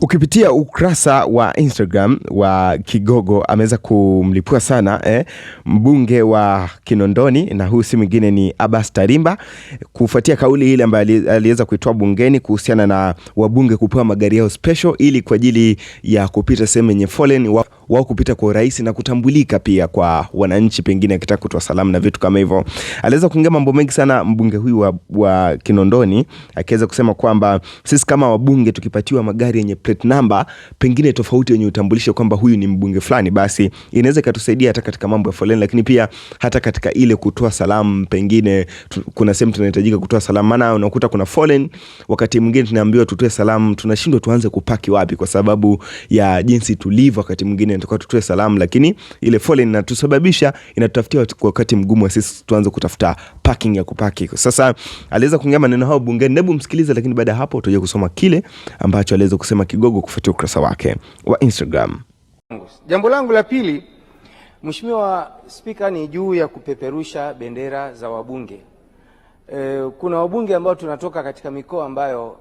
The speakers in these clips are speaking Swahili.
Ukipitia ukurasa wa Instagram wa Kigogo ameweza kumlipua sana eh, mbunge wa Kinondoni na huyu si mwingine ni Abbas Tarimba kufuatia kauli ile ambayo aliweza kuitoa bungeni kuhusiana na wabunge kupewa magari yao special ili kwa ajili ya kupita sehemu yenye foleni wao wa kupita kwa urahisi na kutambulika pia kwa wananchi, pengine akitaka kutoa salamu na vitu kama hivyo. Aliweza kuongea mambo mengi sana mbunge huyu wa, wa Kinondoni akiweza kusema kwamba sisi kama wabunge tukipatiwa magari yenye plate number pengine tofauti yenye utambulisho kwamba huyu ni mbunge fulani, basi inaweza ikatusaidia hata katika mambo ya foleni, lakini pia hata katika ile kutoa salamu. Pengine kuna sehemu tunahitajika kutoa salamu, maana unakuta kuna foleni, wakati mwingine tunaambiwa tutoe salamu, tunashindwa tuanze kupaki wapi kwa sababu ya jinsi tulivyo. Wakati mwingine tunataka tutoe salamu, lakini ile foleni inatusababisha inatutafutia wakati mgumu wa sisi tuanze kutafuta parking ya kupaki. Sasa aliweza kuongea maneno hayo bungeni, hebu msikilize, lakini baada ya hapo utaje kusoma kile ambacho aliweza kusema. ki Kigogo kufuatia ukurasa wake wa Instagram. Jambo langu la pili, Mheshimiwa Spika, ni juu ya kupeperusha bendera za wabunge. E, kuna wabunge ambao tunatoka katika mikoa ambayo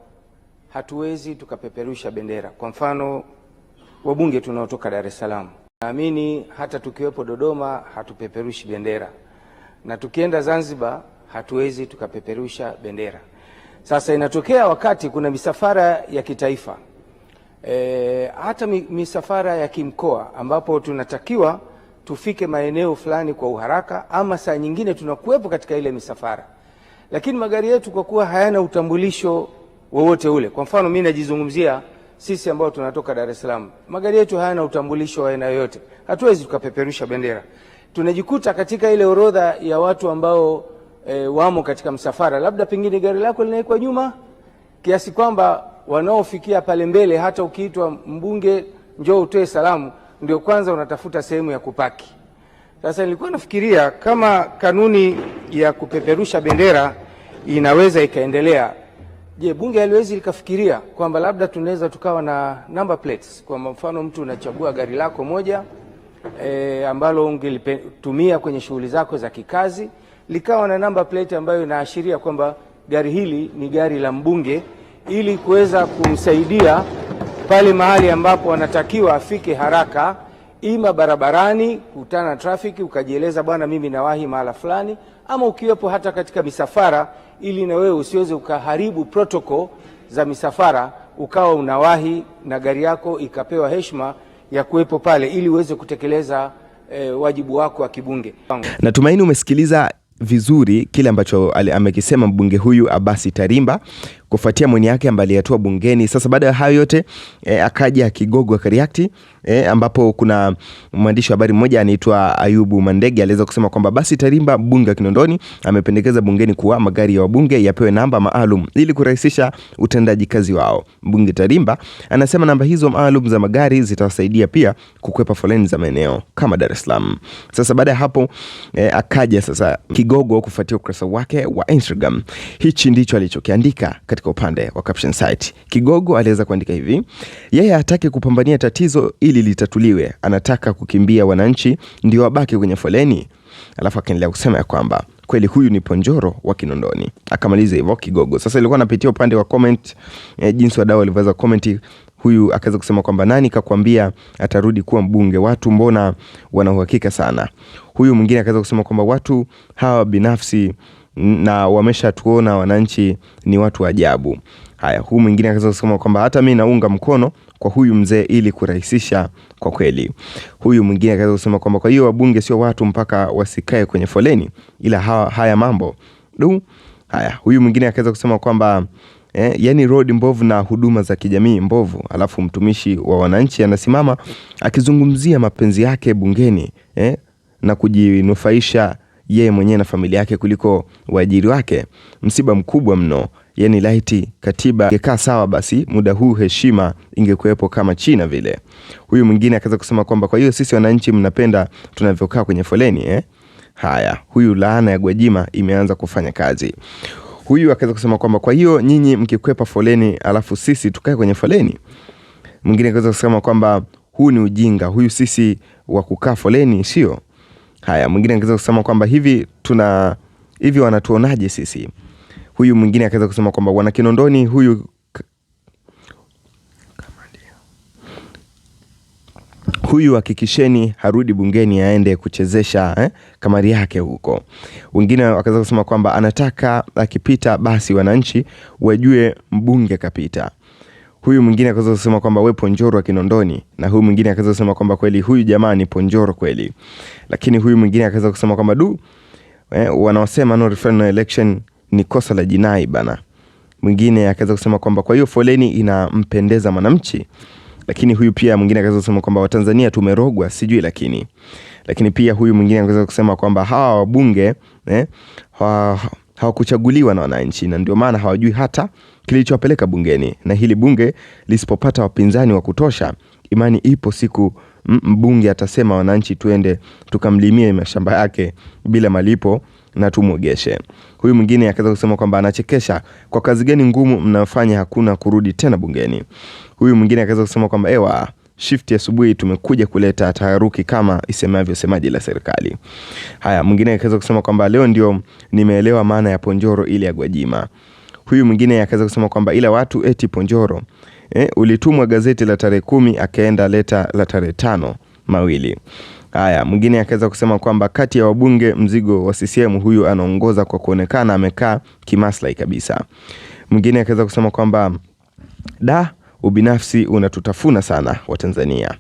hatuwezi tukapeperusha bendera. Kwa mfano wabunge tunaotoka Dar es Salaam, naamini hata tukiwepo Dodoma hatupeperushi bendera, na tukienda Zanzibar hatuwezi tukapeperusha bendera. Sasa inatokea wakati kuna misafara ya kitaifa e, hata misafara ya kimkoa ambapo tunatakiwa tufike maeneo fulani kwa uharaka, ama saa nyingine tunakuwepo katika ile misafara, lakini magari yetu kwa kuwa hayana utambulisho wowote ule. Kwa mfano mimi najizungumzia sisi ambao tunatoka Dar es Salaam, magari yetu hayana utambulisho wa aina yoyote, hatuwezi tukapeperusha bendera. Tunajikuta katika ile orodha ya watu ambao e, wamo katika msafara, labda pengine gari lako linawekwa nyuma kiasi kwamba wanaofikia pale mbele, hata ukiitwa mbunge njoo utoe salamu, ndio kwanza unatafuta sehemu ya kupaki. Sasa nilikuwa nafikiria kama kanuni ya kupeperusha bendera inaweza ikaendelea, je, bunge haliwezi likafikiria kwamba labda tunaweza tukawa na number plates? Kwa mfano mtu unachagua gari lako moja e, ambalo ungelitumia kwenye shughuli zako za kikazi likawa na number plate ambayo inaashiria kwamba gari hili ni gari la mbunge ili kuweza kumsaidia pale mahali ambapo anatakiwa afike haraka, ima barabarani, kutana trafiki ukajieleza, bwana, mimi nawahi mahala fulani, ama ukiwepo hata katika misafara, ili na wewe usiweze ukaharibu protokol za misafara, ukawa unawahi na gari yako ikapewa heshima ya kuwepo pale, ili uweze kutekeleza e, wajibu wako wa kibunge. Natumaini umesikiliza vizuri kile ambacho amekisema mbunge huyu Abasi Tarimba kufuatia maoni yake ambayo aliyatoa bungeni. Sasa baada ya hayo yote e, akaja kigogo akariakti e, eh, ambapo kuna mwandishi wa habari mmoja anaitwa Ayubu Mandege aliweza kusema kwamba basi Tarimba bunge Kinondoni amependekeza bungeni kuwa magari ya wabunge yapewe namba maalum ili kurahisisha utendaji kazi wao. Mbunge Tarimba anasema namba hizo maalum za magari zitawasaidia pia kukwepa foleni za maeneo kama Dar es Salaam. Sasa baada ya hapo e, akaja sasa kigogo kufuatia ukurasa wake wa Instagram. Hichi ndicho alichokiandika katika upande wa caption site. Kigogo aliweza kuandika hivi, yeye hataki kupambania tatizo ili litatuliwe, anataka kukimbia wananchi ndio wabaki kwenye foleni. Alafu akaendelea kusema ya kwamba kweli huyu ni ponjoro wa Kinondoni, akamaliza hivyo Kigogo. Sasa ilikuwa anapitia upande wa comment eh, jinsi wadau walivyoweza comment huyu akaweza kusema kwamba nani kakwambia atarudi kuwa mbunge? Watu mbona wanauhakika sana. Huyu mwingine akaweza kusema kwamba watu hawa binafsi na wameshatuona wananchi ni watu ajabu. Haya, huu mwingine akaweza kusema kwamba hata mi naunga mkono kwa huyu mzee ili kurahisisha kwa kweli. Huyu mwingine akaweza kusema kwamba kwa hiyo wabunge sio watu mpaka wasikae kwenye foleni, ila ha haya mambo du. Haya, huyu mwingine akaweza kusema kwamba eh, yani road mbovu na huduma za kijamii mbovu, alafu mtumishi wa wananchi anasimama akizungumzia mapenzi yake bungeni eh, na kujinufaisha yeye mwenyewe na familia yake kuliko waajiri wake. Msiba mkubwa mno. Yani, laiti katiba ingekaa sawa, basi muda huu heshima ingekuwepo kama China vile. Huyu mwingine akaweza kusema kwamba kwa hiyo sisi wananchi mnapenda tunavyokaa kwenye foleni eh? Haya, huyu laana ya Gwajima imeanza kufanya kazi. Huyu akaweza kusema kwamba kwa hiyo nyinyi mkikwepa foleni alafu sisi tukae kwenye foleni. Mwingine akaweza kusema kwamba huu ni ujinga, huyu sisi wa kukaa foleni sio Haya, mwingine angeweza kusema kwamba hivi tuna hivi wanatuonaje sisi. Huyu mwingine akaweza kusema kwamba wana Kinondoni huyu huyu hakikisheni harudi bungeni aende kuchezesha eh, kamari yake huko. Wengine wakaweza kusema kwamba anataka akipita basi wananchi wajue mbunge kapita huyu mwingine akaweza kusema kwamba we ponjoro wa Kinondoni, na huyu mwingine akaweza kusema kwamba kweli huyu jamaa ni ponjoro kweli, lakini huyu mwingine akaweza kusema kwamba du, eh, wanaosema no referendum no election ni kosa la jinai bana. Mwingine akaweza kusema kwamba kwa hiyo foleni inampendeza mwananchi, lakini huyu pia mwingine akaweza kusema kwamba Watanzania tumerogwa sijui, lakini lakini pia huyu mwingine akaweza kusema kwamba hawa wabunge eh, hawakuchaguliwa na wananchi na ndio maana hawajui hata kilichowapeleka bungeni, na hili bunge lisipopata wapinzani wa kutosha, imani ipo siku mbunge atasema wananchi, tuende tukamlimie mashamba yake bila malipo na tumwogeshe. Huyu mwingine akaweza kusema kwamba anachekesha, kwa kazi gani ngumu mnafanya, hakuna kurudi tena bungeni. Huyu mwingine akaweza kusema kwamba ewa shifti asubuhi tumekuja kuleta taharuki kama isemavyo semaji la serikali. Haya, mwingine akaweza kusema kwamba leo ndio nimeelewa maana ya ponjoro ile ya Gwajima. Huyu mwingine akaweza kusema kwamba ila watu eti Ponjoro eh, ulitumwa gazeti la tarehe kumi akaenda leta la tarehe tano mawili. Haya, mwingine akaweza kusema kwamba kati ya wabunge mzigo wa CCM huyu anaongoza kwa kuonekana amekaa kimaslahi kabisa. Mwingine akaweza kusema kwamba da ubinafsi unatutafuna sana Watanzania.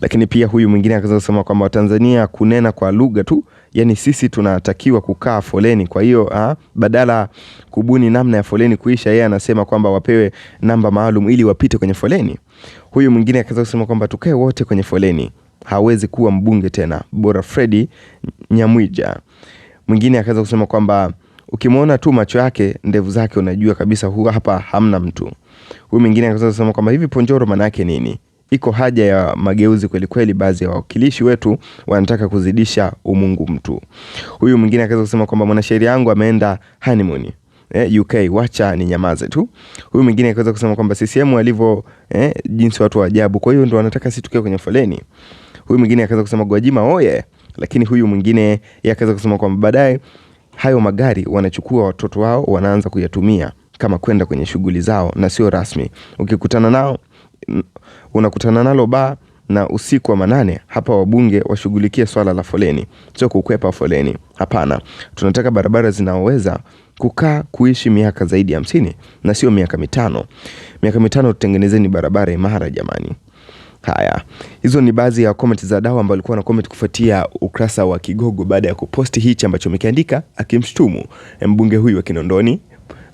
Lakini pia huyu mwingine akaweza kusema kwamba Watanzania kunena kwa lugha tu yani sisi tunatakiwa kukaa foleni. Kwa hiyo ha, ah, badala kubuni namna ya foleni kuisha, yeye anasema kwamba wapewe namba maalum ili wapite kwenye foleni. Huyu mwingine akaanza kusema kwamba tukae wote kwenye foleni, hawezi kuwa mbunge tena, bora Fredi Nyamwija. Mwingine akaanza kusema kwamba ukimwona tu macho yake, ndevu zake, unajua kabisa huu hapa hamna mtu. Huyu mwingine akaanza kusema kwamba hivi Ponjoro maana yake nini? iko haja ya mageuzi kweli kweli. Baadhi ya wawakilishi wetu wanataka kuzidisha umungu mtu. Huyu mwingine akaweza kusema kwamba mwanasheria yangu ameenda honeymoon eh, UK, wacha ni nyamaze tu. Huyu mwingine akaweza kusema kwamba CCM walivyo eh, jinsi watu wa ajabu, kwa hiyo ndio wanataka sisi tukiwe kwenye foleni. Huyu mwingine akaweza kusema Gwajima oye, lakini huyu mwingine akaweza kusema kwamba baadaye hayo magari wanachukua watoto wao wanaanza kuyatumia kama kwenda kwenye shughuli zao na sio rasmi, ukikutana nao unakutana nalo ba na usiku wa manane hapa, wabunge washughulikie swala la foleni, sio kukwepa foleni. Hapana, tunataka barabara zinaoweza kukaa kuishi miaka zaidi ya hamsini na sio miaka mitano. Miaka mitano tutengenezeni barabara imara jamani. Haya, hizo ni baadhi ya koment za dawa ambao alikuwa na koment kufuatia ukrasa wa Kigogo baada ya kuposti hichi ambacho amekiandika akimshtumu mbunge huyu wa Kinondoni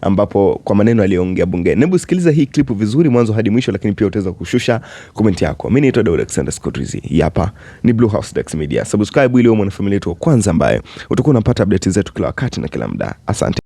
ambapo kwa maneno aliyoongea bungeni. Hebu sikiliza hii klipu vizuri mwanzo hadi mwisho, lakini pia utaweza kushusha komenti yako. mi naitwa Dr. Alexander Scott Rizzi, hapa ni Blue House Dax Media. Subscribe ili uwe mwanafamilia yetu wa kwanza ambaye utakuwa unapata update zetu kila wakati na kila muda. Asante.